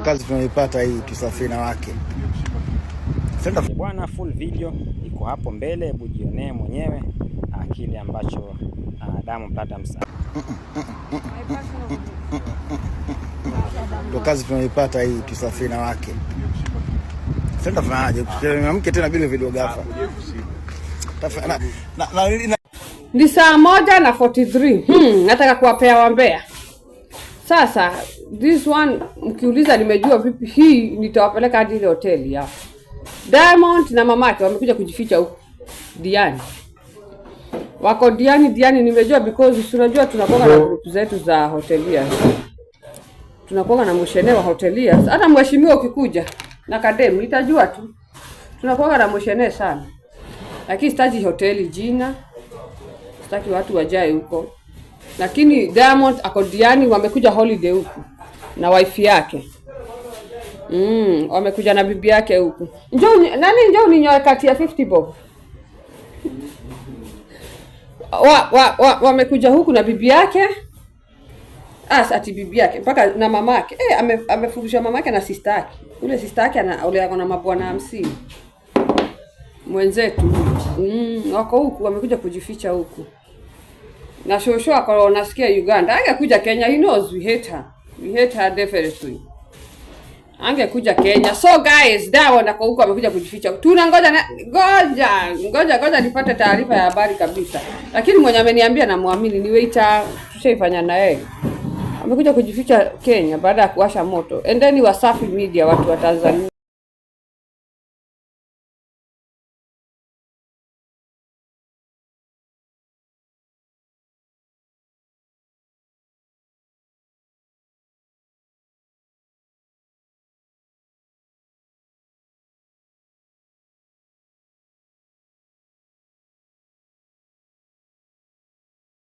ndo kazi tunaipata hii na wake bwana. Full video iko hapo mbele, hebu jionee mwenyewe ah, kile ambacho ah, Diamond Platnumz ndo kazi tunaipata hii na wake mke tena bila video gafa ni saa moja na 43. Hmm, nataka kuwapea wambea sasa this one mkiuliza, nimejua vipi hii, nitawapeleka hadi ile hoteli ya Diamond na mamake wamekuja kujificha huko Diani, wako Diani. Diani nimejua because tunajua tunakuwa na group zetu za hotelia, tunakuwa na mshene wa hotelia. Hata mheshimiwa ukikuja na kademu nitajua tu, tunakuwa na mshene sana, lakini sitaki hoteli jina, sitaki watu wajae huko lakini Diamond akodiani wamekuja holiday huku na wife yake mm, wamekuja na bibi yake huku. Njoo nani, njoo ninyoe kati ya 50 bob wamekuja wa, wa, wamekuja huku na bibi yake as ah, ati bibi yake mpaka na mama yake eh, ame, amefurusha mama yake na sister yake. Yule sister yake anaolewa na mabwana hamsini mwenzetu mm, wako huku wamekuja kujificha huku na shosho akora unasikia Uganda angekuja Kenya, he knows we hate her, we hate her definitely. Angekuja Kenya, so guys, dawa na kwa huko amekuja kujificha. Tuna ngoja na ngoja ngoja ngoja nipate taarifa ya habari kabisa, lakini mwenye ameniambia namwamini, ni waiter tushaifanya na yeye amekuja kujificha Kenya baada ya kuwasha moto. Endeni Wasafi Media, watu wa Tanzania.